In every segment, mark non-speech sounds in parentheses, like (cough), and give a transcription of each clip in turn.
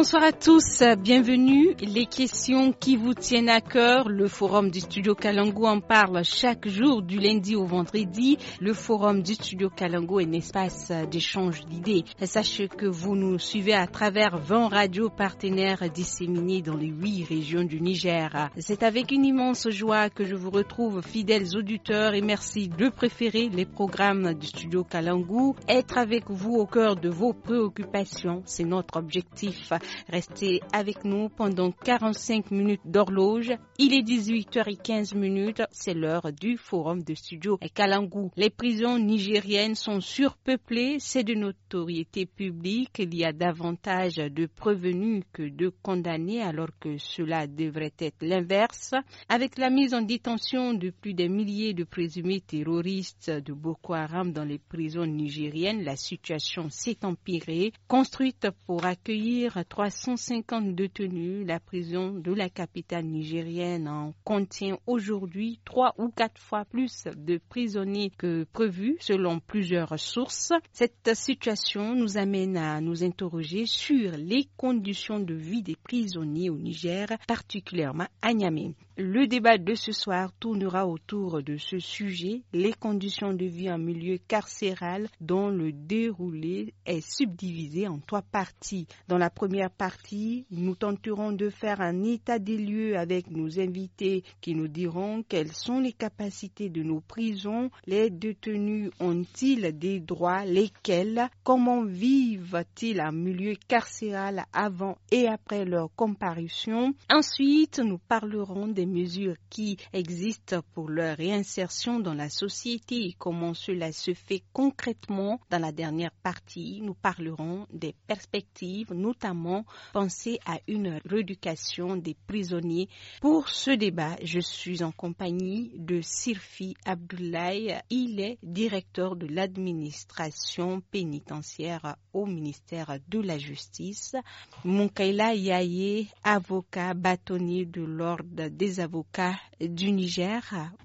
Bonsoir à tous, bienvenue. Les questions qui vous tiennent à cœur, le forum du studio Kalango en parle chaque jour du lundi au vendredi. Le forum du studio Kalango est un espace d'échange d'idées. Sachez que vous nous suivez à travers 20 radios partenaires disséminées dans les 8 régions du Niger. C'est avec une immense joie que je vous retrouve fidèles auditeurs et merci de préférer les programmes du studio Kalango. Être avec vous au cœur de vos préoccupations, c'est notre objectif. Restez avec nous pendant 45 minutes d'horloge. Il est 18h15, c'est l'heure du forum de studio Kalangu. Les prisons nigériennes sont surpeuplées, c'est de notoriété publique. Il y a davantage de prévenus que de condamnés alors que cela devrait être l'inverse. Avec la mise en détention de plus d'un milliers de présumés terroristes de Boko Haram dans les prisons nigériennes, la situation s'est empirée. Construite pour accueillir 350 détenus, la prison de la capitale nigérienne en contient aujourd'hui trois ou quatre fois plus de prisonniers que prévu, selon plusieurs sources. Cette situation nous amène à nous interroger sur les conditions de vie des prisonniers au Niger, particulièrement à Niamey. Le débat de ce soir tournera autour de ce sujet, les conditions de vie en milieu carcéral dont le déroulé est subdivisé en trois parties. Dans la première partie, nous tenterons de faire un état des lieux avec nos invités qui nous diront quelles sont les capacités de nos prisons, les détenus ont-ils des droits, lesquels, comment vivent-ils en milieu carcéral avant et après leur comparution. Ensuite, nous parlerons des mesures qui existent pour leur réinsertion dans la société comment cela se fait concrètement. Dans la dernière partie, nous parlerons des perspectives, notamment penser à une rééducation des prisonniers. Pour ce débat, je suis en compagnie de Sirfi Abdoulaye. Il est directeur de l'administration pénitentiaire au ministère de la Justice. Moukaila Yaye, avocat bâtonnier de l'ordre des avocats du Niger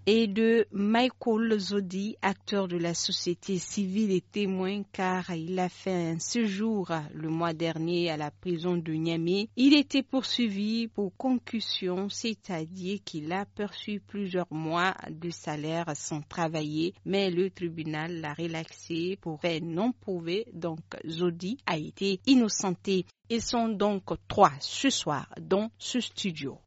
et de Michael Zodi, acteur de la société civile et témoin car il a fait un séjour le mois dernier à la prison de Niamey. Il était poursuivi pour concussion, c'est-à-dire qu'il a perçu plusieurs mois de salaire sans travailler, mais le tribunal l'a relaxé pour fait non prouvé, donc Zodi a été innocenté. Ils sont donc trois ce soir dans ce studio.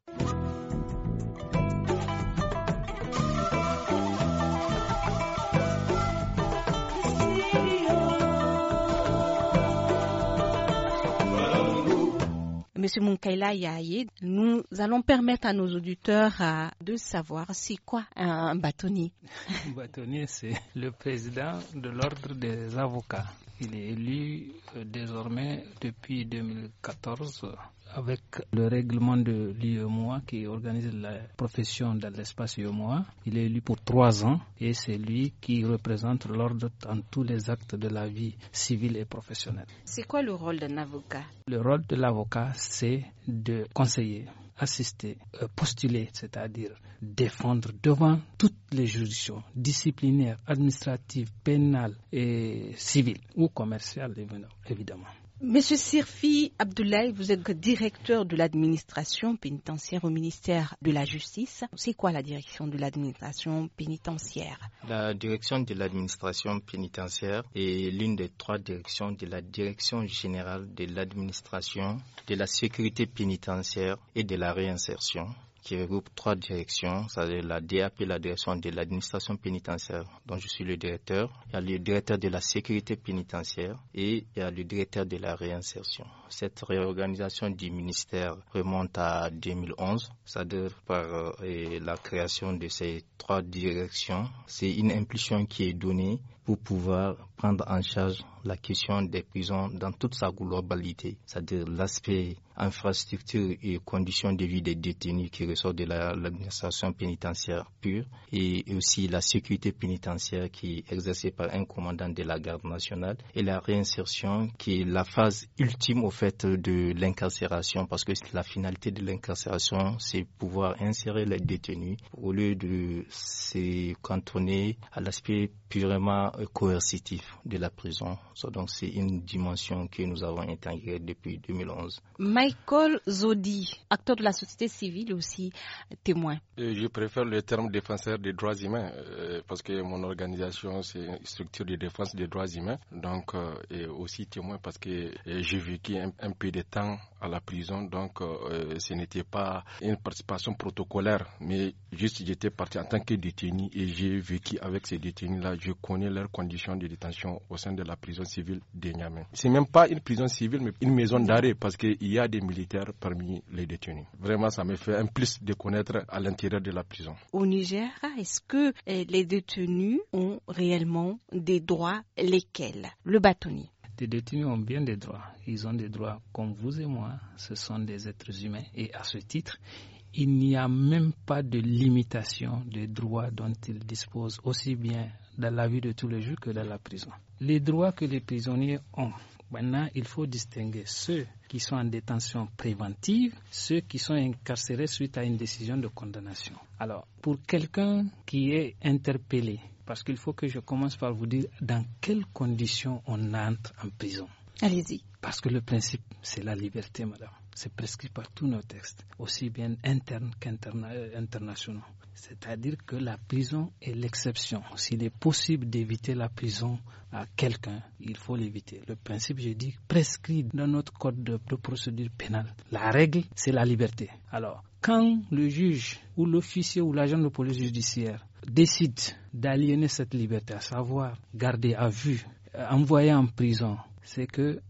Monsieur Munkaila Yaye, nous allons permettre à nos auditeurs euh, de savoir c'est quoi un bâtonnier. Un bâtonnier, c'est le président de l'ordre des avocats. Il est élu euh, désormais depuis 2014 avec le règlement de l'IEMOA qui organise la profession dans l'espace IEMOA. Il est élu pour trois ans et c'est lui qui représente l'ordre dans tous les actes de la vie civile et professionnelle. C'est quoi le rôle d'un avocat Le rôle de l'avocat, c'est de conseiller assister, euh, postuler, c'est-à-dire défendre devant toutes les juridictions disciplinaires, administratives, pénales et civiles ou commerciales, évidemment. Monsieur Sirfi Abdoulaye, vous êtes directeur de l'administration pénitentiaire au ministère de la Justice. C'est quoi la direction de l'administration pénitentiaire La direction de l'administration pénitentiaire est l'une des trois directions de la direction générale de l'administration, de la sécurité pénitentiaire et de la réinsertion qui regroupe trois directions, c'est-à-dire la DAP, la direction de l'administration pénitentiaire, dont je suis le directeur. Il y a le directeur de la sécurité pénitentiaire et il y a le directeur de la réinsertion. Cette réorganisation du ministère remonte à 2011, c'est-à-dire par euh, la création de ces trois directions. C'est une impulsion qui est donnée pour pouvoir prendre en charge la question des prisons dans toute sa globalité, c'est-à-dire l'aspect infrastructure et conditions de vie des détenus qui ressort de l'administration pénitentiaire pure et aussi la sécurité pénitentiaire qui est exercée par un commandant de la garde nationale et la réinsertion qui est la phase ultime au fait de l'incarcération parce que la finalité de l'incarcération c'est pouvoir insérer les détenus au lieu de se cantonner à l'aspect purement euh, coercitif de la prison. donc c'est une dimension que nous avons intégrée depuis 2011. Michael Zodi, acteur de la société civile aussi, témoin. Euh, je préfère le terme défenseur des droits humains euh, parce que mon organisation c'est une structure de défense des droits humains. Donc aussi témoin parce que j'ai vécu un peu de temps à la prison, donc euh, euh, ce n'était pas une participation protocolaire, mais juste j'étais parti en tant que détenu et j'ai vécu avec ces détenus-là. Je connais leurs conditions de détention au sein de la prison civile de Niamey. C'est même pas une prison civile, mais une maison d'arrêt parce qu'il y a des militaires parmi les détenus. Vraiment, ça me fait un plus de connaître à l'intérieur de la prison. Au Niger, est-ce que euh, les détenus ont réellement des droits, lesquels Le bâtonnier les détenus ont bien des droits. Ils ont des droits comme vous et moi. Ce sont des êtres humains. Et à ce titre, il n'y a même pas de limitation des droits dont ils disposent, aussi bien dans la vie de tous les jours que dans la prison. Les droits que les prisonniers ont, maintenant, il faut distinguer ceux qui sont en détention préventive, ceux qui sont incarcérés suite à une décision de condamnation. Alors, pour quelqu'un qui est interpellé parce qu'il faut que je commence par vous dire dans quelles conditions on entre en prison. Allez-y. Parce que le principe, c'est la liberté, madame. C'est prescrit par tous nos textes, aussi bien internes qu'internationaux. Euh, C'est-à-dire que la prison est l'exception. S'il est possible d'éviter la prison à quelqu'un, il faut l'éviter. Le principe, je dis, prescrit dans notre code de, procédure pénale. La règle, c'est la liberté. Alors, quand le juge ou l'officier ou l'agent de police judiciaire décide d'aliéner cette liberté, à savoir garder à vue, euh, envoyer en prison, c'est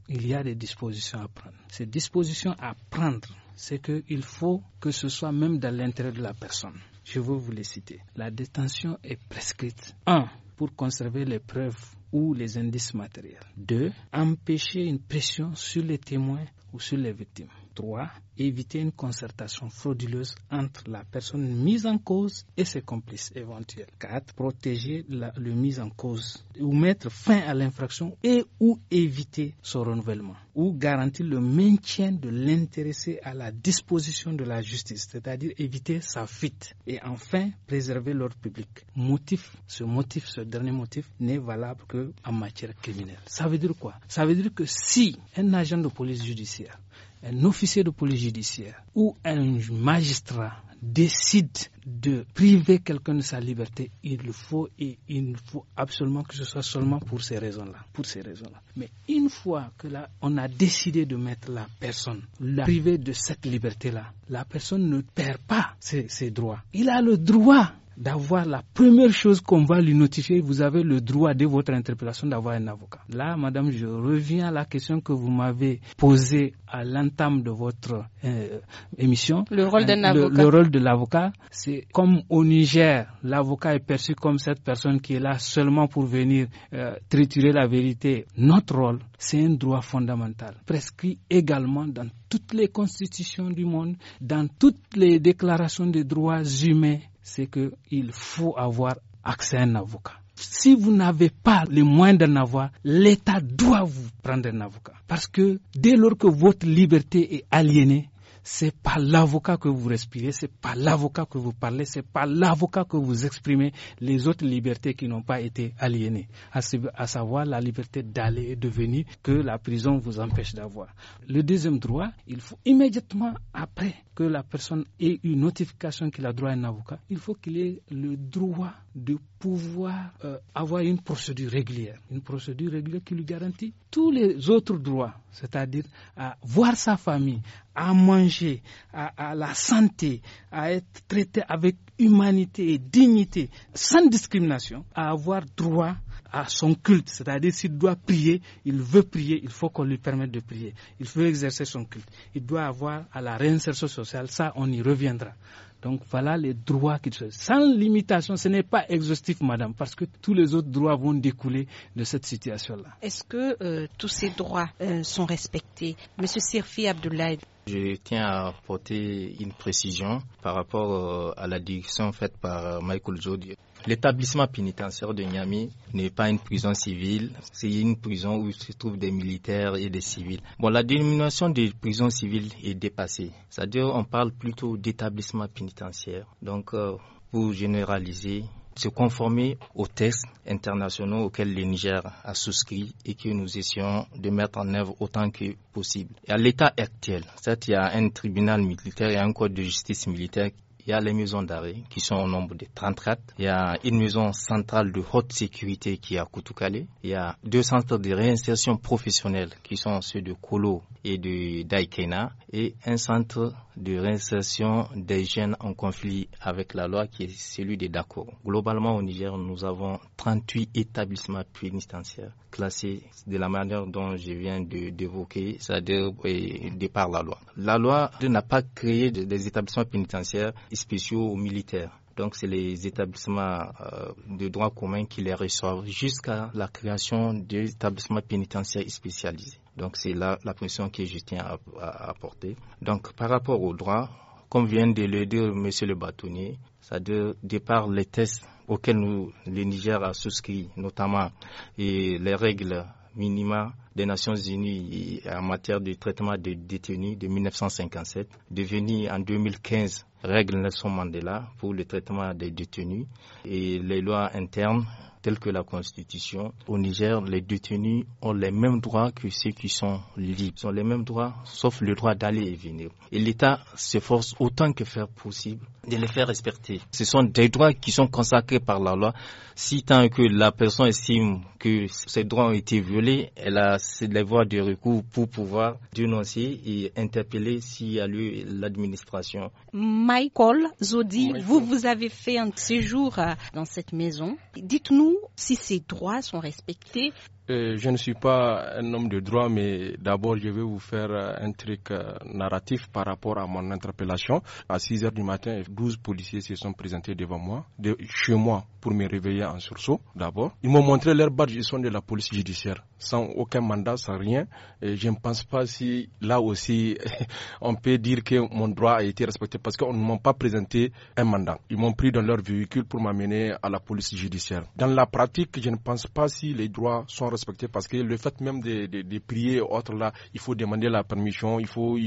il y a des dispositions à prendre. Ces dispositions à prendre, c'est qu'il faut que ce soit même dans l'intérêt de la personne. Je veux vous les citer. La détention est prescrite. 1. Pour conserver les preuves ou les indices matériels. 2. Empêcher une pression sur les témoins ou sur les victimes. 3. Éviter une concertation frauduleuse entre la personne mise en cause et ses complices éventuels. 4. Protéger la, le mise en cause ou mettre fin à l'infraction et ou éviter son renouvellement. Ou garantir le maintien de l'intéressé à la disposition de la justice, c'est-à-dire éviter sa fuite. Et enfin, préserver l'ordre public. Motif, ce motif, ce dernier motif n'est valable qu'en matière criminelle. Ça veut dire quoi Ça veut dire que si un agent de police judiciaire un officier de police judiciaire ou un magistrat décide de priver quelqu'un de sa liberté, il le faut et il faut absolument que ce soit seulement pour ces raisons-là, pour ces raisons-là. Mais une fois que là, on a décidé de mettre la personne, la priver de cette liberté-là, la personne ne perd pas ses droits. Il a le droit d'avoir la première chose qu'on va lui notifier, vous avez le droit de votre interpellation d'avoir un avocat. Là, madame, je reviens à la question que vous m'avez posée à l'entame de votre euh, émission. Le rôle d'un avocat. Le, rôle de l'avocat, c'est comme au Niger, l'avocat est perçu comme cette personne qui est là seulement pour venir euh, triturer la vérité. Notre rôle, c'est un droit fondamental, prescrit également dans toutes les constitutions du monde, dans toutes les déclarations des droits humains c'est qu'il faut avoir accès à un avocat. Si vous n'avez pas les moyens d'en avoir, l'État doit vous prendre un avocat. Parce que dès lors que votre liberté est aliénée, c'est pas l'avocat que vous respirez, c'est pas l'avocat que vous parlez, c'est pas l'avocat que vous exprimez les autres libertés qui n'ont pas été aliénées, à savoir la liberté d'aller et de venir que la prison vous empêche d'avoir. Le deuxième droit, il faut immédiatement après que la personne ait une notification qu'il a droit à un avocat, il faut qu'il ait le droit de pouvoir euh, avoir une procédure régulière, une procédure régulière qui lui garantit tous les autres droits, c'est-à-dire à voir sa famille, à manger, à, à, la santé, à être traité avec humanité et dignité, sans discrimination, à avoir droit à son culte, c'est-à-dire s'il doit prier, il veut prier, il faut qu'on lui permette de prier, il veut exercer son culte, il doit avoir à la réinsertion sociale, ça on y reviendra. Donc voilà les droits qui sans limitation, ce n'est pas exhaustif, madame, parce que tous les autres droits vont découler de cette situation-là. Est-ce que euh, tous ces droits euh, sont respectés, Monsieur Sirfi Abdoulaye? Je tiens à apporter une précision par rapport euh, à la direction faite par Michael Jody. L'établissement pénitentiaire de Niamey n'est pas une prison civile, c'est une prison où se trouvent des militaires et des civils. Bon, la dénomination des prisons civiles est dépassée. C'est-à-dire, on parle plutôt d'établissement pénitentiaire. Donc, euh, pour généraliser, se conformer aux textes internationaux auxquels le Niger a souscrit et que nous essayons de mettre en œuvre autant que possible. Et à l'état actuel, certes, il y a un tribunal militaire et un code de justice militaire il y a les maisons d'arrêt qui sont au nombre de 34. Il y a une maison centrale de haute sécurité qui est à Koutoukale. Il y a deux centres de réinsertion professionnelle qui sont ceux de Kolo et de Daikena et un centre de réinsertion des jeunes en conflit avec la loi qui est celui de Dako. Globalement au Niger, nous avons 38 établissements pénitentiaires classé de la manière dont je viens d'évoquer, c'est-à-dire de par la loi. La loi n'a pas créé des établissements pénitentiaires spéciaux ou militaires. Donc, c'est les établissements euh, de droit commun qui les reçoivent jusqu'à la création d'établissements pénitentiaires spécialisés. Donc, c'est là la pression que je tiens à, apporter. Donc, par rapport au droit, comme vient de le dire Monsieur le bâtonnier, c'est-à-dire, de par les tests auquel nous, le Niger a souscrit, notamment les règles minima des Nations Unies en matière de traitement des détenus de 1957, devenues en 2015 règles Nelson Mandela pour le traitement des détenus et les lois internes tels que la Constitution. Au Niger, les détenus ont les mêmes droits que ceux qui sont libres. Ils ont les mêmes droits, sauf le droit d'aller et venir. Et l'État s'efforce autant que faire possible de les faire respecter. Ce sont des droits qui sont consacrés par la loi. Si tant que la personne estime que ses droits ont été violés, elle a les voies de recours pour pouvoir dénoncer et interpeller s'il y a lieu l'administration. Michael Zodi, vous, vous avez fait un séjour euh, dans cette maison. Dites-nous si ces droits sont respectés, euh, je ne suis pas un homme de droit, mais d'abord, je vais vous faire euh, un truc euh, narratif par rapport à mon interpellation. À 6 heures du matin, 12 policiers se sont présentés devant moi, de chez moi, pour me réveiller en sursaut, d'abord. Ils m'ont montré leur badge, ils sont de la police judiciaire, sans aucun mandat, sans rien. Et je ne pense pas si, là aussi, (laughs) on peut dire que mon droit a été respecté, parce qu'on ne m'a pas présenté un mandat. Ils m'ont pris dans leur véhicule pour m'amener à la police judiciaire. Dans la pratique, je ne pense pas si les droits sont respectés parce que le fait même de, prier autre là, il faut demander la permission, il faut.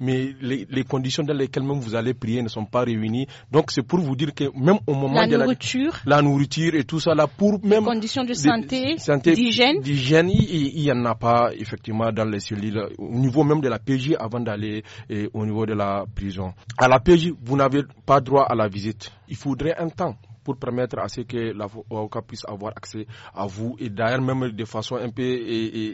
mais les, conditions dans lesquelles même vous allez prier ne sont pas réunies. Donc c'est pour vous dire que même au moment de nourriture, la, nourriture et tout ça là, pour même les conditions de santé, d'hygiène, il n'y en a pas effectivement dans les cellules au niveau même de la PJ avant d'aller au niveau de la prison. À la PJ, vous n'avez pas droit à la visite. Il faudrait un temps pour permettre à ce que l'avocat puisse avoir accès à vous et d'ailleurs même de façon un peu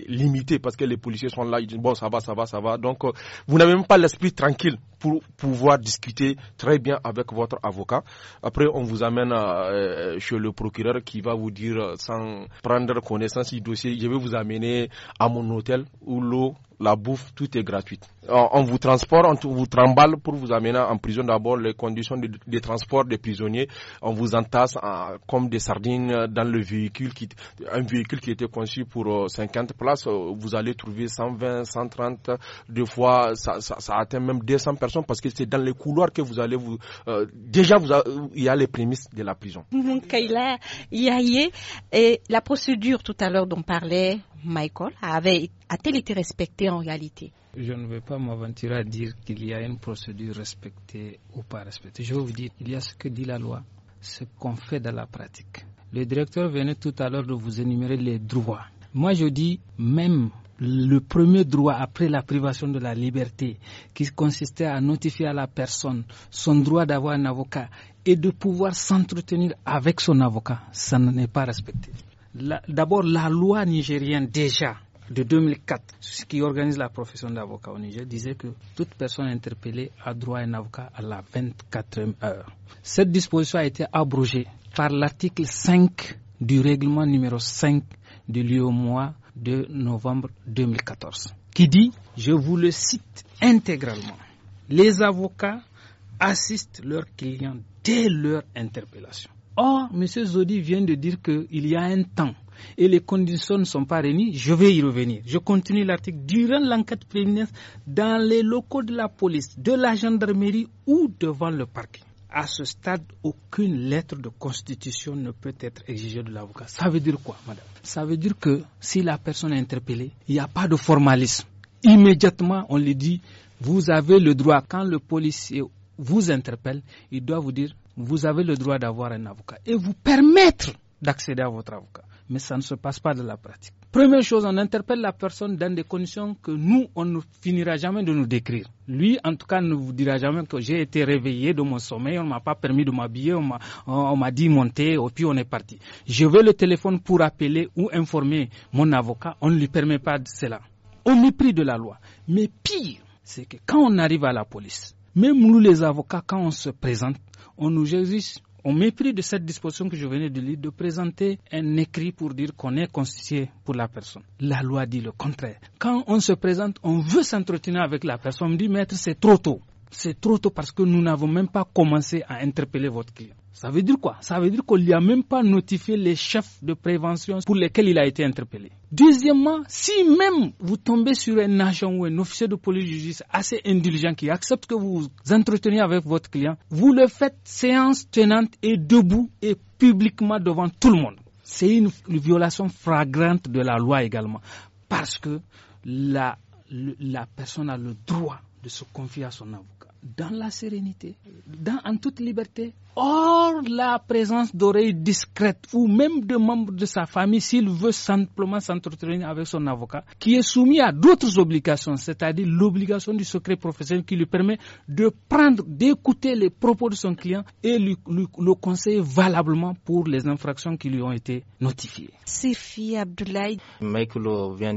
limitée parce que les policiers sont là, ils disent bon ça va, ça va, ça va. Donc euh, vous n'avez même pas l'esprit tranquille pour pouvoir discuter très bien avec votre avocat. Après on vous amène euh, chez le procureur qui va vous dire euh, sans prendre connaissance du dossier, je vais vous amener à mon hôtel où l'eau la bouffe, tout est gratuit. On, vous transporte, on vous trimballe pour vous amener en prison. D'abord, les conditions de, transport des prisonniers, on vous entasse comme des sardines euh, dans le véhicule, qui, un véhicule qui était conçu pour 50 euh, places. Euh, vous allez trouver 120, 130, deux fois, ça, atteint même 200 personnes parce que c'est dans les couloirs que vous allez vous... déjà, il y a les prémices de la prison. (laughs) y et la procédure tout à l'heure dont parlait Michael avait a-t-elle été respectée en réalité Je ne vais pas m'aventurer à dire qu'il y a une procédure respectée ou pas respectée. Je vais vous dire, il y a ce que dit la loi, ce qu'on fait dans la pratique. Le directeur venait tout à l'heure de vous énumérer les droits. Moi, je dis même le premier droit après la privation de la liberté, qui consistait à notifier à la personne son droit d'avoir un avocat et de pouvoir s'entretenir avec son avocat, ça n'est pas respecté. D'abord, la loi nigérienne déjà de 2004, qui organise la profession d'avocat au Niger, disait que toute personne interpellée a droit à un avocat à la 24e heure. Cette disposition a été abrogée par l'article 5 du règlement numéro 5 du au mois de novembre 2014, qui dit, je vous le cite intégralement, les avocats assistent leurs clients dès leur interpellation. Or, M. Zodi vient de dire qu'il y a un temps et les conditions ne sont pas réunies, je vais y revenir. Je continue l'article. Durant l'enquête préliminaire, dans les locaux de la police, de la gendarmerie ou devant le parking, à ce stade, aucune lettre de constitution ne peut être exigée de l'avocat. Ça veut dire quoi, madame Ça veut dire que si la personne est interpellée, il n'y a pas de formalisme. Immédiatement, on lui dit, vous avez le droit, quand le policier vous interpelle, il doit vous dire, vous avez le droit d'avoir un avocat et vous permettre d'accéder à votre avocat mais ça ne se passe pas de la pratique. Première chose, on interpelle la personne dans des conditions que nous, on ne finira jamais de nous décrire. Lui, en tout cas, ne vous dira jamais que j'ai été réveillé de mon sommeil, on ne m'a pas permis de m'habiller, on m'a dit monter, et puis on est parti. Je veux le téléphone pour appeler ou informer mon avocat, on ne lui permet pas de cela. Au mépris de la loi. Mais pire, c'est que quand on arrive à la police, même nous les avocats, quand on se présente, on nous juge on mépris de cette disposition que je venais de lire, de présenter un écrit pour dire qu'on est constitué pour la personne. La loi dit le contraire. Quand on se présente, on veut s'entretenir avec la personne, on dit maître, c'est trop tôt. C'est trop tôt parce que nous n'avons même pas commencé à interpeller votre client. Ça veut dire quoi Ça veut dire qu'on ne lui a même pas notifié les chefs de prévention pour lesquels il a été interpellé. Deuxièmement, si même vous tombez sur un agent ou un officier de police judiciaire assez indulgent qui accepte que vous vous entreteniez avec votre client, vous le faites séance tenante et debout et publiquement devant tout le monde. C'est une violation flagrante de la loi également parce que la, la personne a le droit de se confier à son avocat dans la sérénité, dans, en toute liberté, Or, la présence d'oreilles discrètes ou même de membres de sa famille, s'il veut simplement s'entretenir avec son avocat, qui est soumis à d'autres obligations, c'est-à-dire l'obligation du secret professionnel qui lui permet de prendre, d'écouter les propos de son client et le conseiller valablement pour les infractions qui lui ont été notifiées. Sifi Abdoulaye. Michael vient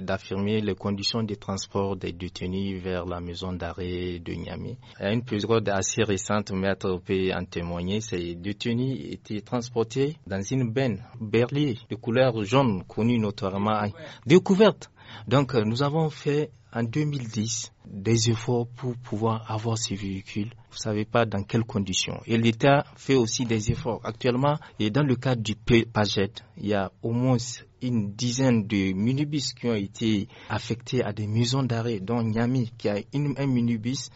d'affirmer les conditions de transport des détenus vers la maison d'arrêt de Niamey. a une période assez récente, mais peut en témoigner, ces détenus étaient transportés dans une benne berlier de couleur jaune, connue notoirement, découverte. Donc euh, nous avons fait en 2010 des efforts pour pouvoir avoir ces véhicules. Vous ne savez pas dans quelles conditions. Et l'État fait aussi des efforts. Actuellement, et dans le cadre du PAGET, il y a au moins une dizaine de minibus qui ont été affectés à des maisons d'arrêt, dont Niami, qui a un minibus,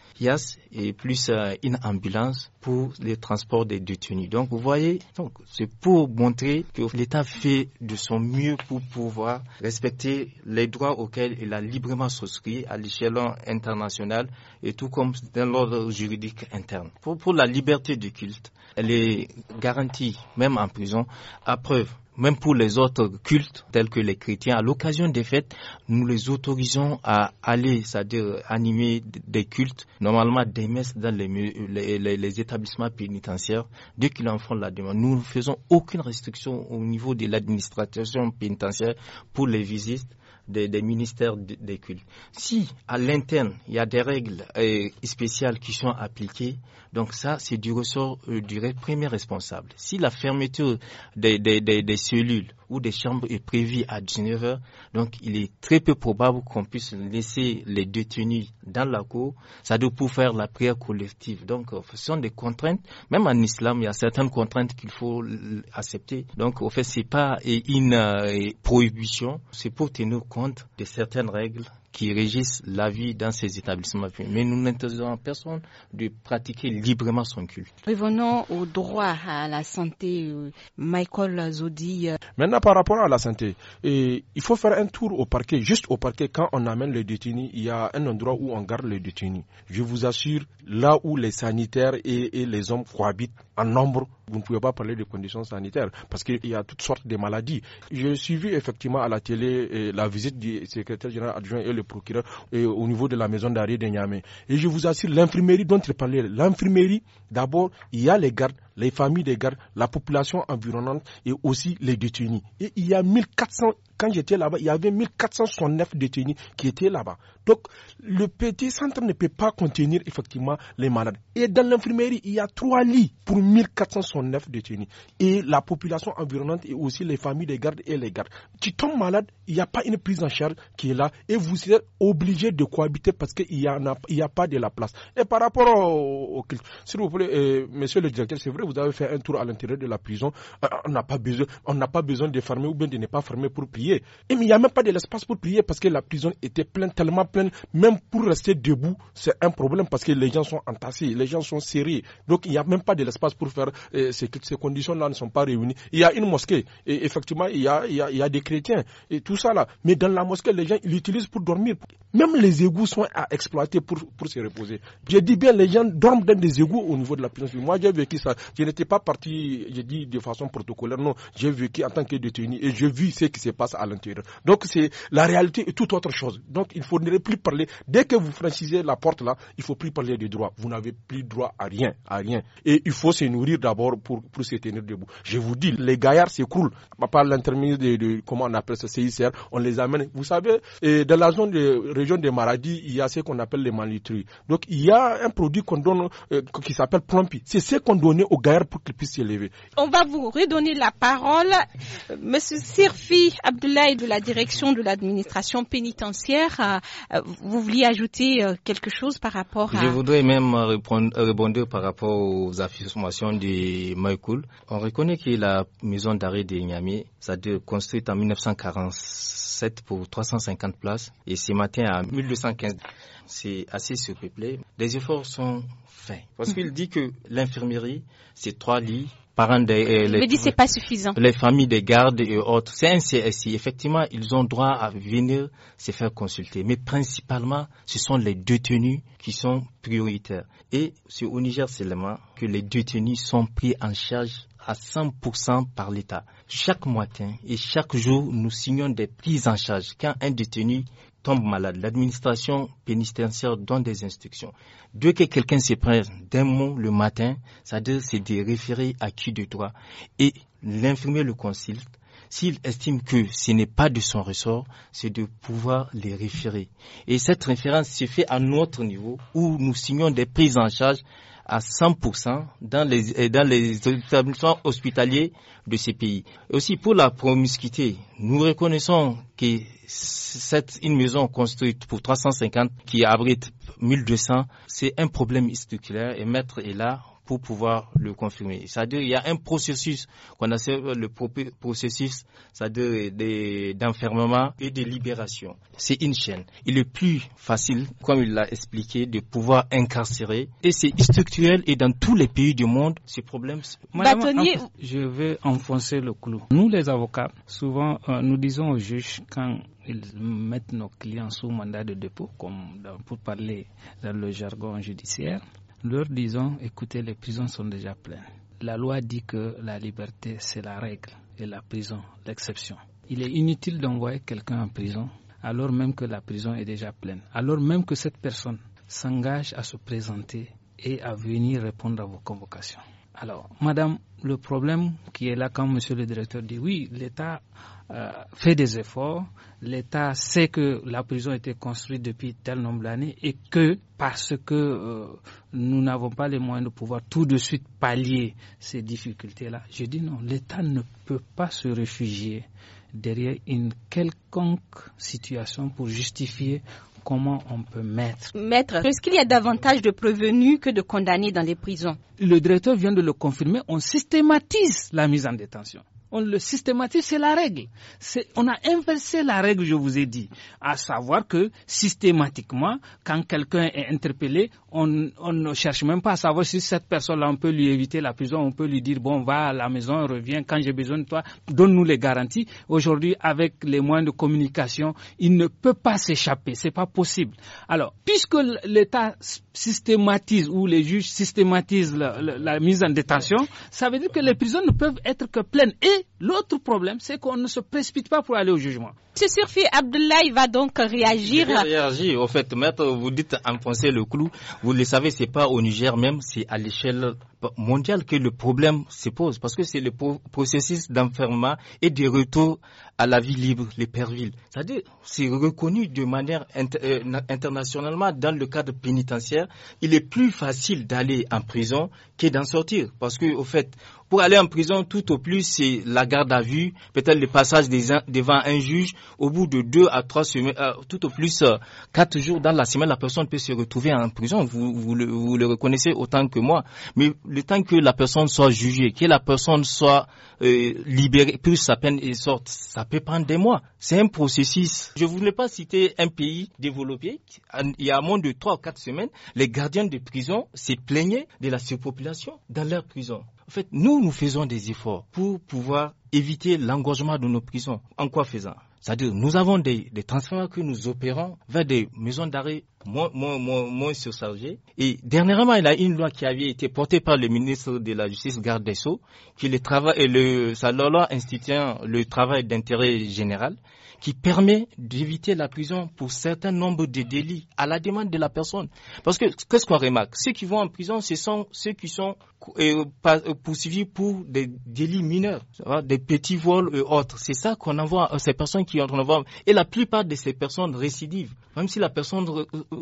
et plus euh, une ambulance pour les transports des détenus. Donc, vous voyez, donc, c'est pour montrer que l'État fait de son mieux pour pouvoir respecter les droits auxquels il a librement souscrit à l'échelon international et tout comme dans l'ordre juridique interne. Pour, la liberté du culte, elle est garantie, même en prison, à preuve même pour les autres cultes tels que les chrétiens, à l'occasion des fêtes, nous les autorisons à aller, c'est-à-dire animer des cultes, normalement des messes dans les, les établissements pénitentiaires, dès qu'ils en font la demande. Nous ne faisons aucune restriction au niveau de l'administration pénitentiaire pour les visites des, ministères des cultes. Si à l'interne, il y a des règles euh, spéciales qui sont appliquées, donc ça, c'est du ressort euh, du premier responsable. Si la fermeture des cellules ou des chambres est prévues à 19h. Donc, il est très peu probable qu'on puisse laisser les détenus dans la cour, ça doit pour faire la prière collective. Donc, euh, ce sont des contraintes. Même en islam, il y a certaines contraintes qu'il faut accepter. Donc, au fait, c'est pas une euh, prohibition. C'est pour tenir compte de certaines règles qui régissent la vie dans ces établissements. Mais nous n'interdisons personne de pratiquer librement son culte. Revenons au droit à la santé. Euh, Michael Zodi. Euh. Maintenant, par rapport à la santé, il faut faire un tour au parquet. Juste au parquet, quand on amène le détenu, il y a un endroit où on garde le détenu. Je vous assure, là où les sanitaires et les hommes cohabitent en nombre, vous ne pouvez pas parler de conditions sanitaires parce qu'il y a toutes sortes de maladies. J'ai suivi effectivement à la télé euh, la visite du secrétaire général adjoint et le procureur euh, au niveau de la maison d'arrêt de Niamey. Et je vous assure, l'infirmerie dont il parlait, l'infirmerie, d'abord, il y a les gardes, les familles des gardes, la population environnante et aussi les détenus. Et il y a 1400, quand j'étais là-bas, il y avait 1469 détenus qui étaient là-bas. Donc, le petit centre ne peut pas contenir effectivement les malades. Et dans l'infirmerie, il y a trois lits pour 1409 détenus. Et la population environnante et aussi les familles des gardes et les gardes. Tu tombes malade, il n'y a pas une prise en charge qui est là et vous êtes obligé de cohabiter parce qu'il n'y a, a, pas de la place. Et par rapport au, au s'il vous plaît, euh, monsieur le directeur, c'est vrai, vous avez fait un tour à l'intérieur de la prison. Euh, on n'a pas besoin, on n'a pas besoin de fermer ou bien de ne pas fermer pour prier. Et mais il n'y a même pas de l'espace pour prier parce que la prison était pleine tellement peine, même pour rester debout, c'est un problème parce que les gens sont entassés, les gens sont serrés. Donc il n'y a même pas de l'espace pour faire. Euh, ces, conditions-là ne sont pas réunies. Il y a une mosquée, et effectivement, il y, a, il, y a, des chrétiens, et tout ça là. Mais dans la mosquée, les gens l'utilisent pour dormir. Même les égouts sont à exploiter pour, pour se reposer. Je dis bien, les gens dorment dans des égouts au niveau de la prison. Moi, j'ai vécu ça. Je n'étais pas parti, j'ai dit, de façon protocolaire. Non, j'ai vécu en tant que détenu et j'ai vu ce qui se passe à l'intérieur. Donc, c'est la réalité est toute autre chose. Donc, il faudrait plus parler. Dès que vous franchissez la porte là, il faut plus parler des droits. Vous n'avez plus droit à rien, à rien. Et il faut se nourrir d'abord pour, se tenir debout. Je vous dis, les gaillards s'écroulent par l'intermédiaire de, comment on appelle ça, CICR. On les amène. Vous savez, dans la zone de région des maladies, il y a ce qu'on appelle les malnutries. Donc il y a un produit qu'on donne euh, qui s'appelle Prompi. C'est ce qu'on donnait aux gaillards pour qu'ils puissent s'élever. On va vous redonner la parole, euh, Monsieur Sirfi Abdoulaye de la direction de l'administration pénitentiaire. Euh, euh, vous vouliez ajouter euh, quelque chose par rapport à... Je voudrais même euh, répondre, par rapport aux affirmations de Michael. On reconnaît que la maison d'arrêt de Niamey, c'est-à-dire construite en 1947 pour 350 places, et ce matin à 1215, c'est assez surpeuplé. Des efforts sont faits. Parce qu'il dit que l'infirmerie, c'est trois lits parents des... Euh, les, pas suffisant. Les familles des gardes et autres. C'est un CSI. Effectivement, ils ont droit à venir se faire consulter. Mais principalement, ce sont les détenus qui sont prioritaires. Et c'est au Niger seulement que les détenus sont pris en charge à 100% par l'État. Chaque matin et chaque jour, nous signons des prises en charge. Quand un détenu tombe malade. l'administration pénitentiaire donne des instructions. Dès que quelqu'un se présente d'un mot le matin, c'est-à-dire c'est de référer à qui de toi. et l'infirmier le consulte. S'il estime que ce n'est pas de son ressort, c'est de pouvoir les référer. Et cette référence se fait à notre niveau où nous signons des prises en charge à 100% dans les, euh, dans les établissements hospitaliers de ces pays. Aussi, pour la promiscuité, nous reconnaissons que cette une maison construite pour 350 qui abrite 1200. C'est un problème structurel et mettre est là pour pouvoir le confirmer. C'est-à-dire il y a un processus qu'on appelle le processus d'enfermement et de libération. C'est une chaîne. Il est plus facile, comme il l'a expliqué, de pouvoir incarcérer. Et c'est structurel et dans tous les pays du monde, ce problème. je vais enfoncer le clou. Nous, les avocats, souvent, euh, nous disons aux juges quand ils mettent nos clients sous mandat de dépôt, comme pour parler dans le jargon judiciaire, leur disant, écoutez, les prisons sont déjà pleines. La loi dit que la liberté, c'est la règle et la prison, l'exception. Il est inutile d'envoyer quelqu'un en prison alors même que la prison est déjà pleine, alors même que cette personne s'engage à se présenter et à venir répondre à vos convocations. Alors, madame, le problème qui est là quand monsieur le directeur dit oui, l'État euh, fait des efforts. L'État sait que la prison a été construite depuis tel nombre d'années et que parce que euh, nous n'avons pas les moyens de pouvoir tout de suite pallier ces difficultés-là, je dis non, l'État ne peut pas se réfugier derrière une quelconque situation pour justifier comment on peut mettre. Maître, est-ce qu'il y a davantage de prévenus que de condamnés dans les prisons Le directeur vient de le confirmer, on systématise la mise en détention on le systématise, c'est la règle. On a inversé la règle, je vous ai dit, à savoir que systématiquement, quand quelqu'un est interpellé, on, ne cherche même pas à savoir si cette personne-là, on peut lui éviter la prison, on peut lui dire, bon, va à la maison, reviens, quand j'ai besoin de toi, donne-nous les garanties. Aujourd'hui, avec les moyens de communication, il ne peut pas s'échapper, c'est pas possible. Alors, puisque l'État systématise ou les juges systématisent la, la mise en détention, ça veut dire que les prisons ne peuvent être que pleines et l'autre problème, c'est qu'on ne se précipite pas pour aller au jugement. Ce surfi Abdoulaye va donc réagir. Il réagir. Au fait, maître, vous dites enfoncer le clou. Vous le savez, c'est pas au Niger même, c'est à l'échelle mondiale que le problème se pose. Parce que c'est le processus d'enfermement et de retour à la vie libre, les pervilles. C'est-à-dire, c'est reconnu de manière euh, internationalement dans le cadre pénitentiaire. Il est plus facile d'aller en prison que d'en sortir. Parce que, au fait, pour aller en prison, tout au plus, c'est la garde à vue, peut-être le passage devant un juge. Au bout de deux à trois semaines, euh, tout au plus euh, quatre jours dans la semaine, la personne peut se retrouver en prison. Vous, vous, le, reconnaissez autant que moi. Mais le temps que la personne soit jugée, que la personne soit euh, libérée, plus sa peine sorte, ça peut prendre des mois. C'est un processus. Je ne voulais pas citer un pays développé. Il y a moins de trois ou quatre semaines, les gardiens de prison se plaignaient de la surpopulation dans leur prison. En fait, nous, nous faisons des efforts pour pouvoir éviter l'engorgement de nos prisons. En quoi faisant c'est-à-dire, nous avons des, transferts que nous opérons vers des maisons d'arrêt moins, moins, surchargées. Et dernièrement, il y a une loi qui avait été portée par le ministre de la Justice, Garde des Sceaux, qui le travail, le, sa loi instituant le travail d'intérêt général, qui permet d'éviter la prison pour certains nombres de délits à la demande de la personne. Parce que, qu'est-ce qu'on remarque? Ceux qui vont en prison, ce sont ceux qui sont euh, euh, poursuivis pour des délits mineurs, des petits vols et autres. C'est ça qu'on envoie à euh, ces personnes qui entrent en Et la plupart de ces personnes récidivent. Même si la personne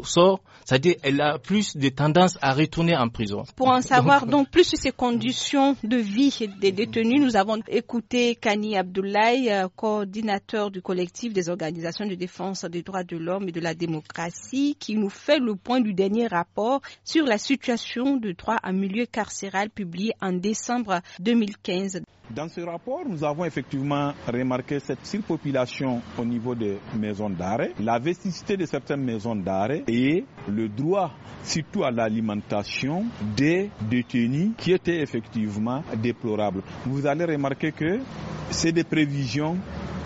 sort, c'est-à-dire elle a plus de tendance à retourner en prison. Pour en savoir donc, plus sur ces conditions de vie des détenus, nous avons écouté Kani Abdoulaye, coordinateur du collectif des organisations de défense des droits de l'homme et de la démocratie, qui nous fait le point du dernier rapport sur la situation de droit en milieu carcéral publié en décembre 2015. Dans ce rapport, nous avons effectivement remarqué cette surpopulation au niveau des maisons d'arrêt, la vesticité de certaines maisons d'arrêt et le droit surtout à l'alimentation des détenus qui était effectivement déplorable. Vous allez remarquer que c'est des prévisions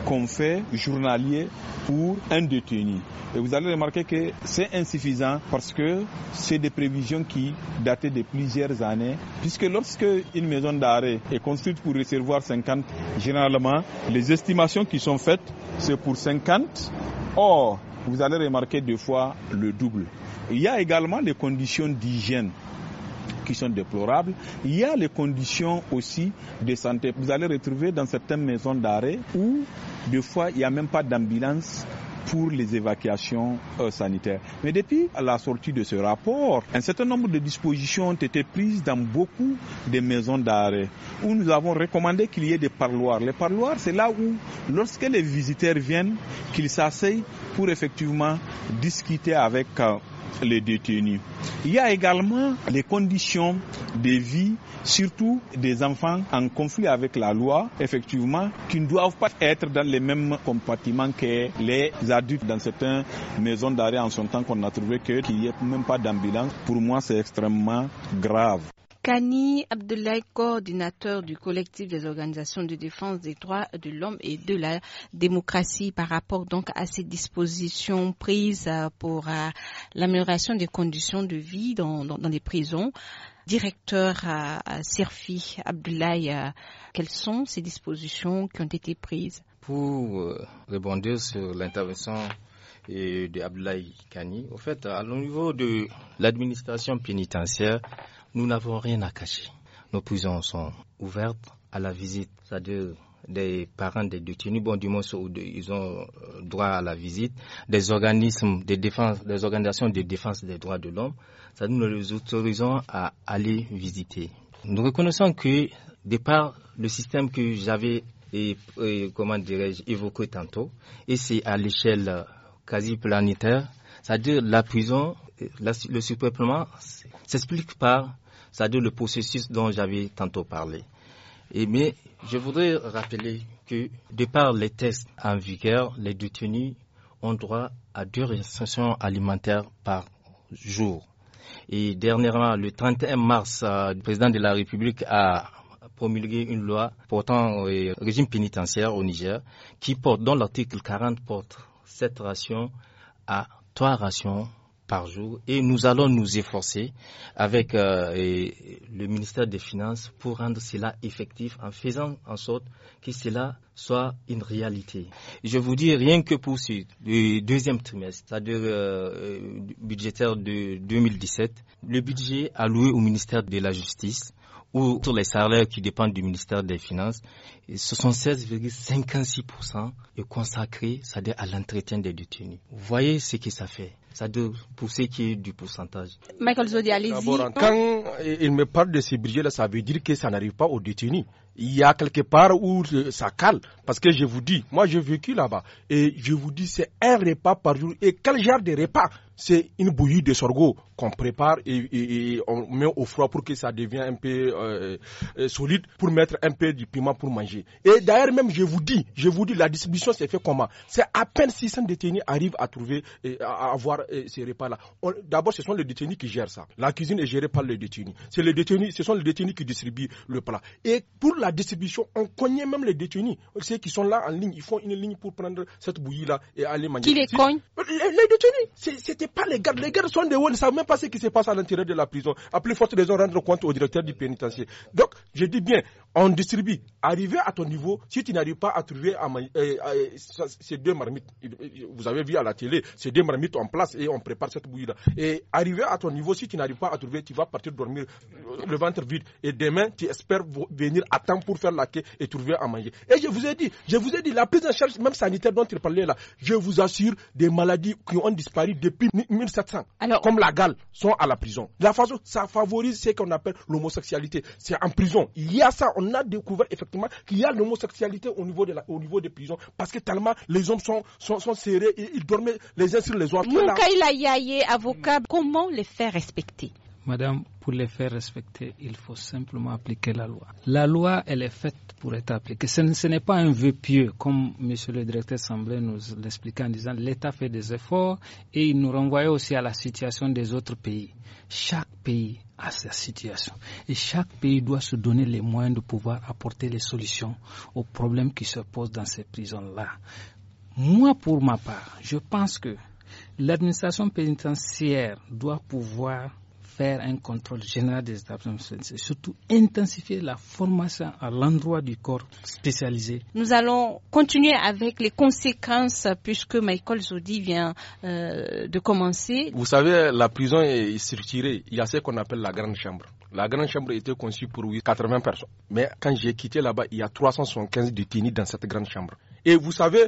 qu'on fait journalier pour un détenu. Et vous allez remarquer que c'est insuffisant parce que c'est des prévisions qui dataient de plusieurs années Puisque lorsque une maison d'arrêt est construite pour recevoir 50, généralement, les estimations qui sont faites, c'est pour 50. Or, vous allez remarquer deux fois le double. Il y a également les conditions d'hygiène qui sont déplorables. Il y a les conditions aussi de santé. Vous allez retrouver dans certaines maisons d'arrêt où, des fois, il n'y a même pas d'ambulance pour les évacuations euh, sanitaires. Mais depuis la sortie de ce rapport, un certain nombre de dispositions ont été prises dans beaucoup de maisons d'arrêt où nous avons recommandé qu'il y ait des parloirs. Les parloirs, c'est là où, lorsque les visiteurs viennent, qu'ils s'asseyent pour effectivement discuter avec euh, les détenus. Il y a également les conditions de vie, surtout des enfants en conflit avec la loi, effectivement, qui ne doivent pas être dans les mêmes compartiments que les adultes dans certaines maisons d'arrêt en son temps qu'on a trouvé qu'il n'y ait même pas d'ambulance. Pour moi, c'est extrêmement grave. Kani Abdoulaye, coordinateur du collectif des organisations de défense des droits de l'homme et de la démocratie par rapport donc à ces dispositions prises euh, pour euh, l'amélioration des conditions de vie dans, les prisons. Directeur à euh, Abdoulaye, quelles sont ces dispositions qui ont été prises Pour rebondir sur l'intervention de Abdoulaye Kani, au fait, à, au niveau de l'administration pénitentiaire, nous n'avons rien à cacher. Nos prisons sont ouvertes à la visite, c'est-à-dire des parents des détenus, bon du moins ils ont euh, droit à la visite, des organismes de défense, des organisations de défense des droits de l'homme, ça nous les autorisons à aller visiter. Nous reconnaissons que de par le système que j'avais et, comment dirais-je évoqué tantôt, et c'est à l'échelle euh, quasi planétaire, c'est-à-dire la prison, euh, le surpeuplement s'explique par c'est-à-dire le processus dont j'avais tantôt parlé. mais je voudrais rappeler que, de par les tests en vigueur, les détenus ont droit à deux restrictions alimentaires par jour. Et dernièrement, le 31 mars, euh, le président de la République a promulgué une loi portant au euh, régime pénitentiaire au Niger qui porte, dont l'article 40, porte cette ration à trois rations par jour et nous allons nous efforcer avec euh, le ministère des Finances pour rendre cela effectif en faisant en sorte que cela soit une réalité. Je vous dis rien que pour le deuxième trimestre, c'est-à-dire euh, budgétaire de 2017, le budget alloué au ministère de la Justice ou sur les salaires qui dépendent du ministère des Finances, 76,56% est consacré, c'est-à-dire à l'entretien des détenus. Vous voyez ce que ça fait ça doit pousser pour qui est du pourcentage. Michael Zodi, allez Quand il me parle de ces budgets-là, ça veut dire que ça n'arrive pas aux détenus. Il y a quelque part où euh, ça cale. Parce que je vous dis, moi j'ai vécu là-bas, et je vous dis, c'est un repas par jour. Et quel genre de repas c'est une bouillie de sorgho qu'on prépare et, on met au froid pour que ça devienne un peu euh, euh, solide, pour mettre un peu du piment pour manger. Et d'ailleurs même, je vous dis, je vous dis, la distribution s'est fait comment C'est à peine 600 détenus arrivent à trouver, à avoir euh, ces repas-là. D'abord, ce sont les détenus qui gèrent ça. La cuisine est gérée par les détenus. C'est les détenus, ce sont les détenus qui distribuent le plat. Et pour la distribution, on connaît même les détenus. Ceux qui sont là en ligne, ils font une ligne pour prendre cette bouillie-là et aller manger. Qui les cogne euh, les, détenus. C'était pas les gardes. Les gardes sont des ils ne savent même pas ce qui se passe à l'intérieur de la prison. À plus forte raison, rendre compte au directeur du pénitencier. Donc, je dis bien, on distribue. Arrivé à ton niveau, si tu n'arrives pas à trouver euh, ces deux marmites, vous avez vu à la télé, ces deux marmites en place, et on prépare cette bouillie-là. Et arrivé à ton niveau, si tu n'arrives pas à trouver, tu vas partir dormir le ventre vide. Et demain, tu espères venir à temps pour faire la queue et trouver à manger. Et je vous ai dit, je vous ai dit, la prise en charge, même sanitaire dont il parlait là, je vous assure, des maladies qui ont disparu depuis 1700, comme la gale, sont à la prison. La façon, ça favorise ce qu'on appelle l'homosexualité. C'est en prison. Il y a ça, on a découvert effectivement qu'il y a l'homosexualité au niveau de la, au niveau des prisons, parce que tellement les hommes sont, sont, serrés, et ils dorment les uns sur les autres y Yaye, avocat, comment les faire respecter Madame, pour les faire respecter, il faut simplement appliquer la loi. La loi, elle est faite pour être appliquée. Ce, n'est pas un vœu pieux, comme Monsieur le directeur semblait nous l'expliquer en disant l'État fait des efforts et il nous renvoyait aussi à la situation des autres pays. Chaque pays a sa situation. Et chaque pays doit se donner les moyens de pouvoir apporter les solutions aux problèmes qui se posent dans ces prisons-là. Moi, pour ma part, je pense que L'administration pénitentiaire doit pouvoir faire un contrôle général des établissements et surtout intensifier la formation à l'endroit du corps spécialisé. Nous allons continuer avec les conséquences puisque Michael Zodi vient euh, de commencer. Vous savez, la prison est structurée. Il y a ce qu'on appelle la grande chambre. La grande chambre était conçue pour 80 personnes. Mais quand j'ai quitté là-bas, il y a 375 détenus dans cette grande chambre. Et vous savez,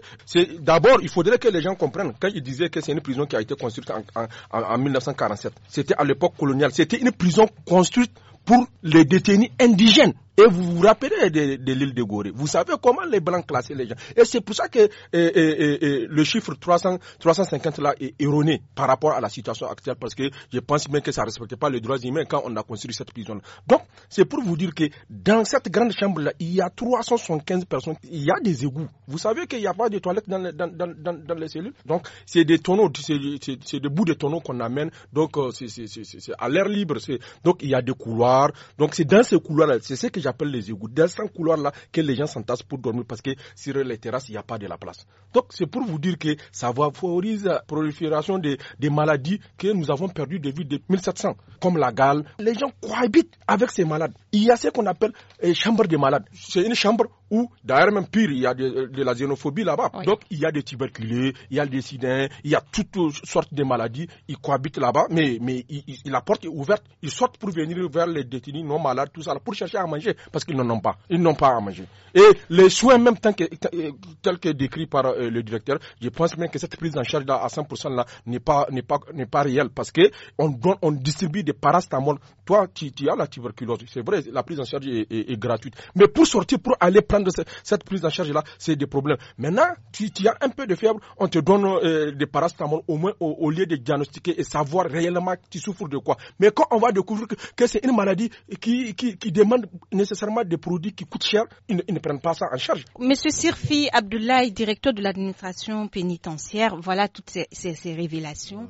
d'abord, il faudrait que les gens comprennent. Quand ils disaient que c'est une prison qui a été construite en, en 1947, c'était à l'époque coloniale. C'était une prison construite pour les détenus indigènes. Et vous vous rappelez de, de l'île de Gorée. Vous savez comment les Blancs classaient les gens. Et c'est pour ça que euh, euh, euh, le chiffre 300, 350 là est erroné par rapport à la situation actuelle parce que je pense même que ça ne respectait pas les droits humains quand on a construit cette prison. -là. Donc, c'est pour vous dire que dans cette grande chambre là, il y a 375 personnes. Il y a des égouts. Vous savez qu'il n'y a pas de toilettes dans, les, dans, dans, dans les cellules. Donc, c'est des tonneaux, c'est des bouts de tonneaux qu'on amène. Donc, c'est à l'air libre. Donc, il y a des couloirs. Donc, c'est dans ces couloirs là. C'est ce que j'appelle les égouts. Dans ce couloir-là, que les gens s'entassent pour dormir parce que sur les terrasses, il n'y a pas de la place. Donc, c'est pour vous dire que ça va favoriser la prolifération des, maladies que nous avons perdu de vie de 1700, comme la gale. Les gens cohabitent avec ces malades. Il y a ce qu'on appelle une euh, chambre des malades. C'est une chambre où, d'ailleurs même pire, il y a de, la xénophobie là-bas. Donc, il y a des tuberculés, il y a des sidins, il y a toutes sortes de maladies. Ils cohabitent là-bas, mais, mais la porte est ouverte. Ils sortent pour venir vers les détenus non malades, tout ça, pour chercher à manger parce qu'ils n'en ont pas. Ils n'ont pas à manger. Et les soins même tant que, euh, tels que décrit par euh, le directeur, je pense même que cette prise en charge à 100% là n'est pas n'est pas réelle parce que on donne, on distribue des parastamol. Toi, tu, as la tuberculose, c'est vrai, la prise en charge est, gratuite. Mais pour sortir, pour aller prendre cette prise en charge là, c'est des problèmes. Maintenant, tu, as un peu de fièvre, on te donne euh, des parastamol au moins au, lieu de diagnostiquer et savoir réellement tu souffres de quoi. Mais quand on va découvrir que, c'est une maladie qui qui demande nécessairement des produits qui coûtent cher, ils ne, prennent pas ça en charge. Monsieur Sirfi Abdoulaye, directeur de l'administration pénitentiaire, voilà toutes ces révélations. Mm.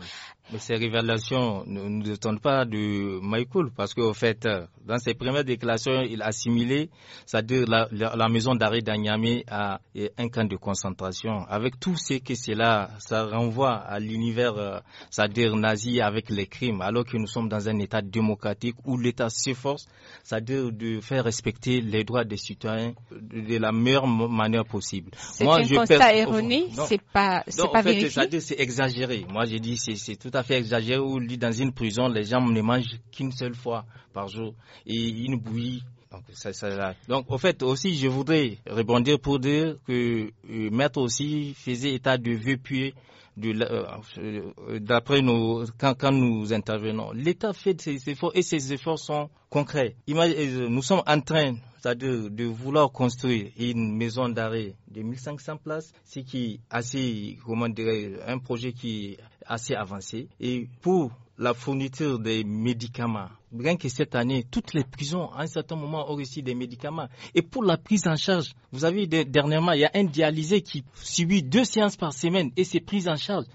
Mais ces révélations ne nous attendent pas de Michael, parce qu'au fait, euh, dans ses premières déclarations, il assimilait, c'est-à-dire la, maison d'arrêt d'Agnamé à un camp de concentration, avec tout ce que cela, ça renvoie à l'univers, euh, c'est-à-dire nazi avec les crimes, alors que nous sommes dans un État démocratique où l'État s'efforce, c'est-à-dire de faire respecter les droits des citoyens de la meilleure manière possible. C'est un je constat erroné, c'est pas, c'est pas vérifié. C'est exagéré. Moi, j'ai dit, c'est tout à fait exagéré où dans une prison, les gens ne mangent qu'une seule fois par jour et une bouillie. Donc, donc, au fait, aussi, je voudrais rebondir pour dire que mettre euh, Maître aussi faisait état de vœux puits euh, euh, d'après nous quand, nous intervenons. L'État fait ses efforts et ses efforts sont concrets. Euh, nous sommes en train de vouloir construire une maison d'arrêt de 1500 places, ce qui est assez, comment dire un projet qui est assez avancé. Et pour la fourniture des médicaments. Rien que cette année, toutes les prisons, à un certain moment, ont reçu des médicaments. Et pour la prise en charge, vous avez dernièrement, il y a un dialysé qui subit deux séances par semaine et c'est prise en charge.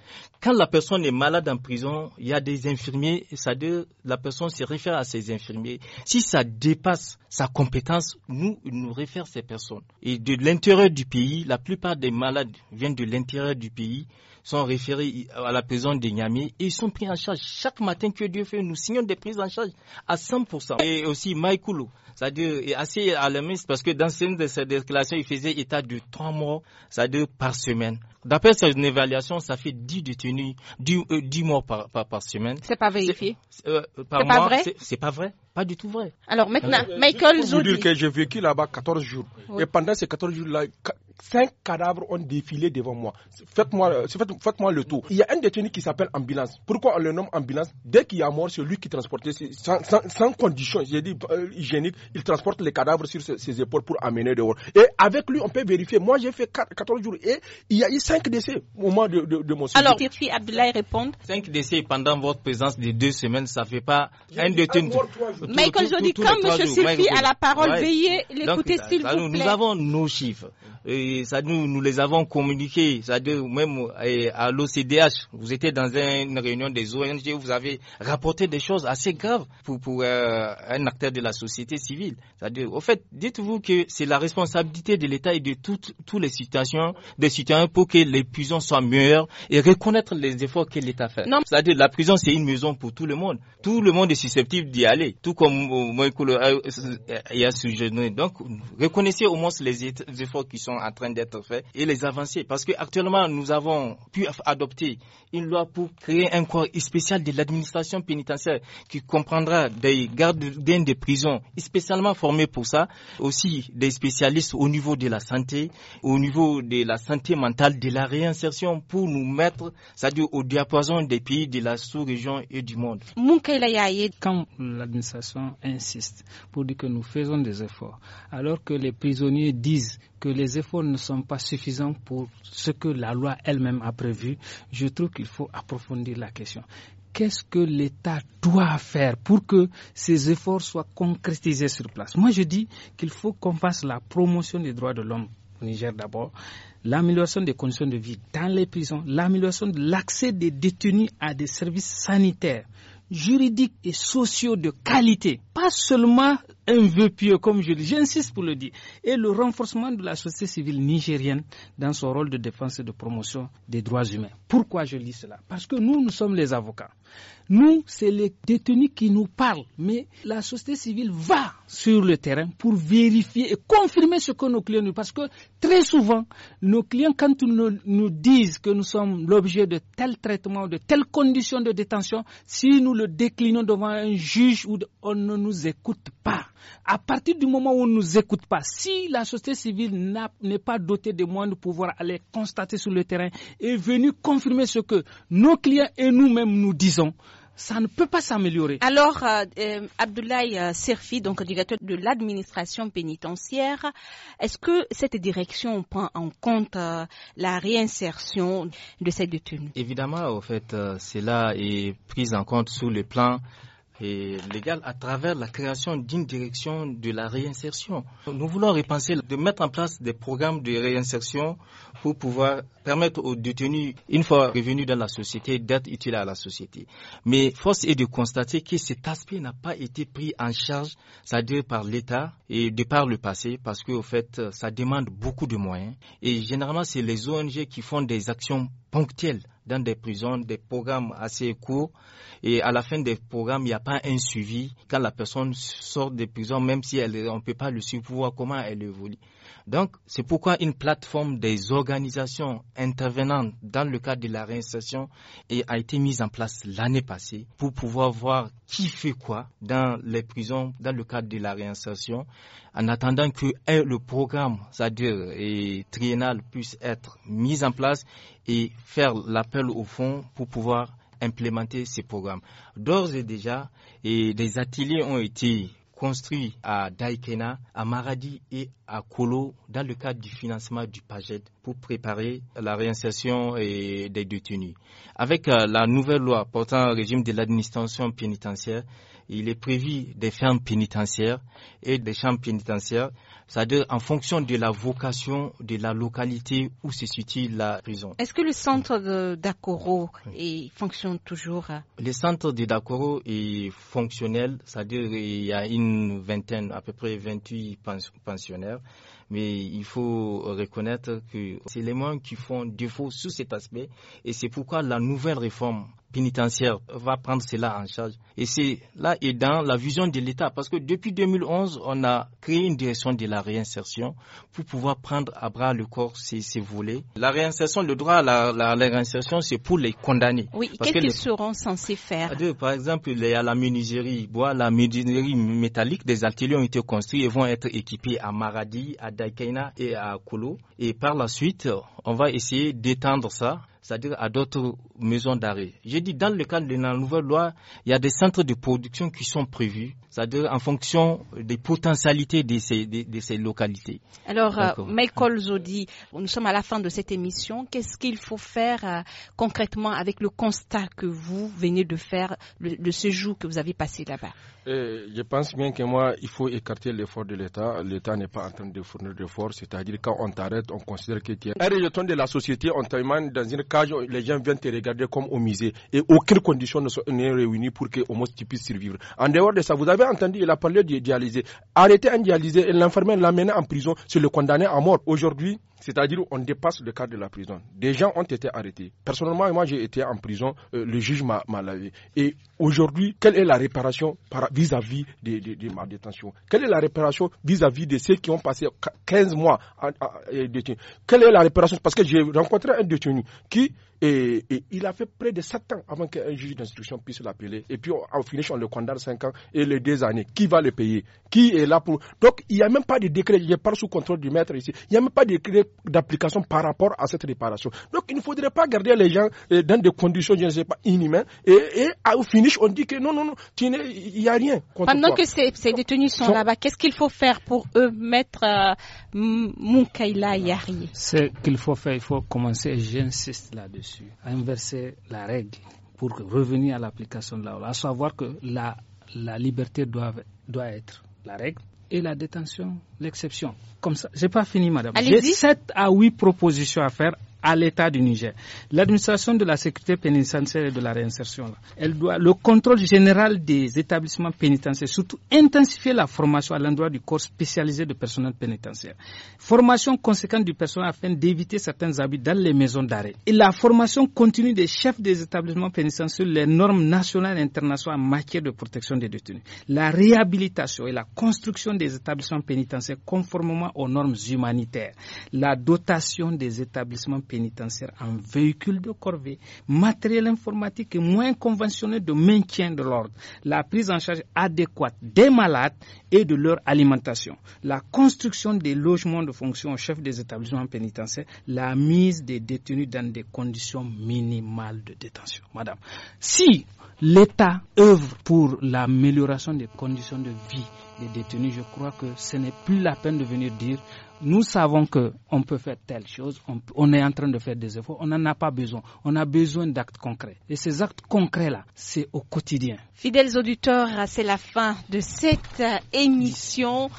Quand la personne est malade en prison, il y a des infirmiers, ça de, la personne se réfère à ses infirmiers. Si ça dépasse sa compétence, nous, nous réfère ces personnes. Et de l'intérieur du pays, la plupart des malades viennent de l'intérieur du pays sont référés à la prison de Niamey et ils sont pris en charge. Chaque matin que Dieu fait, nous signons des prises en charge à 100%. Et aussi Maïkoulou, c'est-à-dire assez alarmiste parce que dans une de déclarations, il faisait état de trois morts, c'est-à-dire par semaine. D'après cette évaluation, ça fait dix détenus, dix mois euh, morts par, par, semaine. C'est pas vérifié C'est euh, euh, pas vrai C'est pas vrai Pas du tout vrai. Alors maintenant, Michael Zoudi... Je veux dire que j'ai vécu là-bas 14 jours. Et pendant ces 14 jours-là, cinq cadavres ont défilé devant moi. Faites-moi euh, faites, moi le tour. Il y a un détenu qui s'appelle ambulance. Pourquoi on le nomme ambulance Dès qu'il y a mort, c'est lui qui transportait sans, sans, condition, j'ai dit euh, hygiénique, il transporte les cadavres sur ses, épaules pour amener dehors. Et avec lui, on peut vérifier. Moi, j'ai fait 14 jours et il y a eu 5 décès au moment de, mon séjour. Alors, Tirfi Abdoulaye répond 5 décès pendant votre présence de deux semaines, ça ne fait pas un détenu. Michael dis, quand M. Sylvie a la parole, veillez l'écouter s'il vous plaît. Nous avons nos chiffres ça nous, nous les avons communiqués, ça eh, à même à l'OCDH, vous étiez dans une réunion des ONG, vous avez rapporté des choses assez graves pour, pour euh, un acteur de la société civile. Ça au fait, dites-vous que c'est la responsabilité de l'État et de toutes, tous les situations des citoyens pour que les prisons soient meilleures et reconnaître les efforts que l'État fait. Non, ça la prison, c'est une maison pour tout le monde. Tout le monde est susceptible d'y aller, tout comme euh, y a jeune. Donc, reconnaissez au moins les efforts qui sont en train d'être fait et les avancées. Parce qu'actuellement, nous avons pu adopter une loi pour créer un corps spécial de l'administration pénitentiaire qui comprendra des gardiens de prison spécialement formés pour ça, aussi des spécialistes au niveau de la santé, au niveau de la santé mentale, de la réinsertion pour nous mettre, c'est-à-dire au diapason des pays de la sous-région et du monde. Quand l'administration insiste pour dire que nous faisons des efforts, alors que les prisonniers disent que les efforts ne sont pas suffisants pour ce que la loi elle-même a prévu, je trouve qu'il faut approfondir la question. Qu'est-ce que l'État doit faire pour que ces efforts soient concrétisés sur place Moi, je dis qu'il faut qu'on fasse la promotion des droits de l'homme au Niger d'abord, l'amélioration des conditions de vie dans les prisons, l'amélioration de l'accès des détenus à des services sanitaires, juridiques et sociaux de qualité, pas seulement un vœu pieux, comme je dis, j'insiste pour le dire, et le renforcement de la société civile nigérienne dans son rôle de défense et de promotion des droits humains. Pourquoi je dis cela Parce que nous, nous sommes les avocats. Nous, c'est les détenus qui nous parlent, mais la société civile va sur le terrain pour vérifier et confirmer ce que nos clients nous parce que très souvent, nos clients, quand ils nous, disent que nous sommes l'objet de tel traitement, de telles conditions de détention, si nous le déclinons devant un juge, on ne nous écoute pas. À partir du moment où on ne nous écoute pas, si la société civile n'est pas dotée de moyens de pouvoir aller constater sur le terrain et venir confirmer ce que nos clients et nous-mêmes nous disons, ça ne peut pas s'améliorer. Alors, euh, euh, Abdoulaye euh, Serfi, donc directeur de l'administration pénitentiaire, est-ce que cette direction prend en compte la réinsertion de cette détenus Évidemment, au fait, cela est pris en compte sous le plan et légal à travers la création d'une direction de la réinsertion. Nous voulons repenser de mettre en place des programmes de réinsertion pour pouvoir permettre aux détenus, une fois revenus dans la société, d'être utiles à la société. Mais force est de constater que cet aspect n'a pas été pris en charge, c'est-à-dire par l'État et de par le passé, parce qu'en fait, ça demande beaucoup de moyens. Et généralement, c'est les ONG qui font des actions ponctuelles dans des prisons des programmes assez courts et à la fin des programmes, il n'y a pas un suivi. Quand la personne sort des prisons, même si elle, on ne peut pas le suivre, pour voir comment elle évolue. Donc, c'est pourquoi une plateforme des organisations intervenantes dans le cadre de la réinsertion a été mise en place l'année passée pour pouvoir voir qui fait quoi dans les prisons dans le cadre de la réinsertion en attendant que le programme, c'est-à-dire triennal, puisse être mis en place et faire l'appel au fond pour pouvoir implémenter ces programmes. D'ores et déjà, des ateliers ont été construit à Daikena, à Maradi et à Kolo dans le cadre du financement du PAGED pour préparer la réinsertion des détenus. Avec euh, la nouvelle loi portant au régime de l'administration pénitentiaire, il est prévu des fermes pénitentiaires et des chambres pénitentiaires, c'est-à-dire en fonction de la vocation de la localité où se situe la prison. Est-ce que le centre de d'Akoro fonctionne toujours Le centre de Dakoro est fonctionnel, c'est-à-dire il y a une vingtaine, à peu près 28 pensionnaires, mais il faut reconnaître que c'est les moyens qui font défaut sous cet aspect et c'est pourquoi la nouvelle réforme pénitentiaire va prendre cela en charge. Et c'est là et dans la vision de l'État, parce que depuis 2011, on a créé une direction de la réinsertion pour pouvoir prendre à bras le corps ces, ces volets. La réinsertion, le droit à la, réinsertion, c'est pour les condamnés. Oui, qu'est-ce qu'ils seront censés faire Par exemple, il y a la menuiserie bois, la menuiserie métallique, des ateliers ont été construits et vont être équipés à Maradi, à Daikaina et à Kolo. Et par la suite, on va essayer d'étendre ça c'est-à-dire à, d'autres maisons d'arrêt. J'ai dit, dans le cadre de la nouvelle loi, il y a des centres de production qui sont prévus, c'est-à-dire en fonction des potentialités de ces, localités. Alors, euh, Michael Zodi, nous sommes à la fin de cette émission. Qu'est-ce qu'il faut faire euh, concrètement avec le constat que vous venez de faire, de ce jour que vous avez passé là-bas je pense bien que moi, il faut écarter l'effort de l'État. L'État n'est pas en train de fournir d'efforts. C'est-à-dire, quand on t'arrête, on considère que tu es un rejeton de la société. On t'emmène dans une cage, où les gens viennent te regarder comme au musée. Et aucune condition ne n'est réunie pour que moins tu puisses survivre. En dehors de ça, vous avez entendu, il a parlé d'idéaliser. Arrêter un dialysé et l'enfermer, l'amener en prison, c'est le condamner à mort. Aujourd'hui, c'est-à-dire on dépasse le cadre de la prison. Des gens ont été arrêtés. Personnellement, moi, j'ai été en prison. Euh, le juge m'a lavé. Et aujourd'hui, quelle est la réparation vis-à-vis de, ma détention Quelle est la réparation vis-à-vis de ceux qui ont passé 15 mois détenus Quelle est la réparation Parce que j'ai rencontré un détenu qui... Et, il a fait près de 7 ans avant qu'un juge d'instruction puisse l'appeler. Et puis, au finish, on le condamne 5 ans et les 2 années. Qui va le payer Qui est là pour. Donc, il n'y a même pas de décret. Je parle sous contrôle du maître ici. Il n'y a même pas de décret d'application par rapport à cette réparation. Donc il ne faudrait pas garder les gens euh, dans des conditions, je ne sais pas, inhumaines. Et, au finish, on dit que non, non, non, il n'y a rien. Pendant que ces, détenus sont, là-bas, qu'est-ce qu'il faut faire pour eux mettre euh, Moukaila Yari Ce qu'il faut faire, il faut commencer, j'insiste là-dessus, à inverser la règle pour revenir à l'application de la loi, à savoir que la, la liberté doit, doit être la règle et la détention l'exception. Comme ça, j'ai pas fini, madame. J'ai 7 à 8 propositions à faire à l'État du Niger. L'administration de la sécurité pénitentiaire et de la réinsertion, elle doit le contrôle général des établissements pénitentiaires, surtout intensifier la formation à l'endroit du corps spécialisé de personnel pénitentiaire. Formation conséquente du personnel afin d'éviter certains abus dans les maisons d'arrêt. Et la formation continue des chefs des établissements pénitentiaires sur les normes nationales et internationales en matière de protection des détenus. La réhabilitation et la construction des établissements pénitentiaires conformément aux normes humanitaires. La dotation des établissements pénitentiaire en véhicule de corvée, matériel informatique et moins conventionnel de maintien de l'ordre, la prise en charge adéquate des malades et de leur alimentation, la construction des logements de fonction au chef des établissements pénitentiaires, la mise des détenus dans des conditions minimales de détention. Madame, si l'État œuvre pour l'amélioration des conditions de vie des détenus, je crois que ce n'est plus la peine de venir dire nous savons que on peut faire telle chose, on, on, est en train de faire des efforts, on n'en a pas besoin. On a besoin d'actes concrets. Et ces actes concrets-là, c'est au quotidien. Fidèles auditeurs, c'est la fin de cette euh, émission.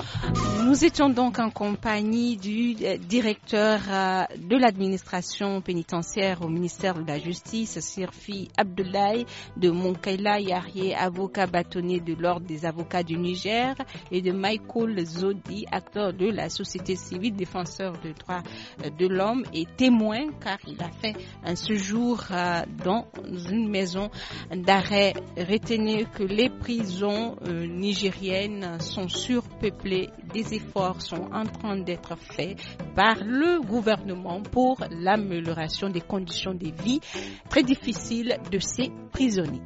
Nous étions donc en compagnie du euh, directeur euh, de l'administration pénitentiaire au ministère de la Justice, Sirfi Abdoulaye de Monkaila Yarié, avocat bâtonnier de l'Ordre des avocats du Niger, et de Michael Zodi, acteur de la société civile civil, défenseur des droits de l'homme et témoin car il a fait un séjour euh, dans une maison d'arrêt. Retenez que les prisons euh, nigériennes sont surpeuplées. Des efforts sont en train d'être faits par le gouvernement pour l'amélioration des conditions de vie très difficiles de ces prisonniers.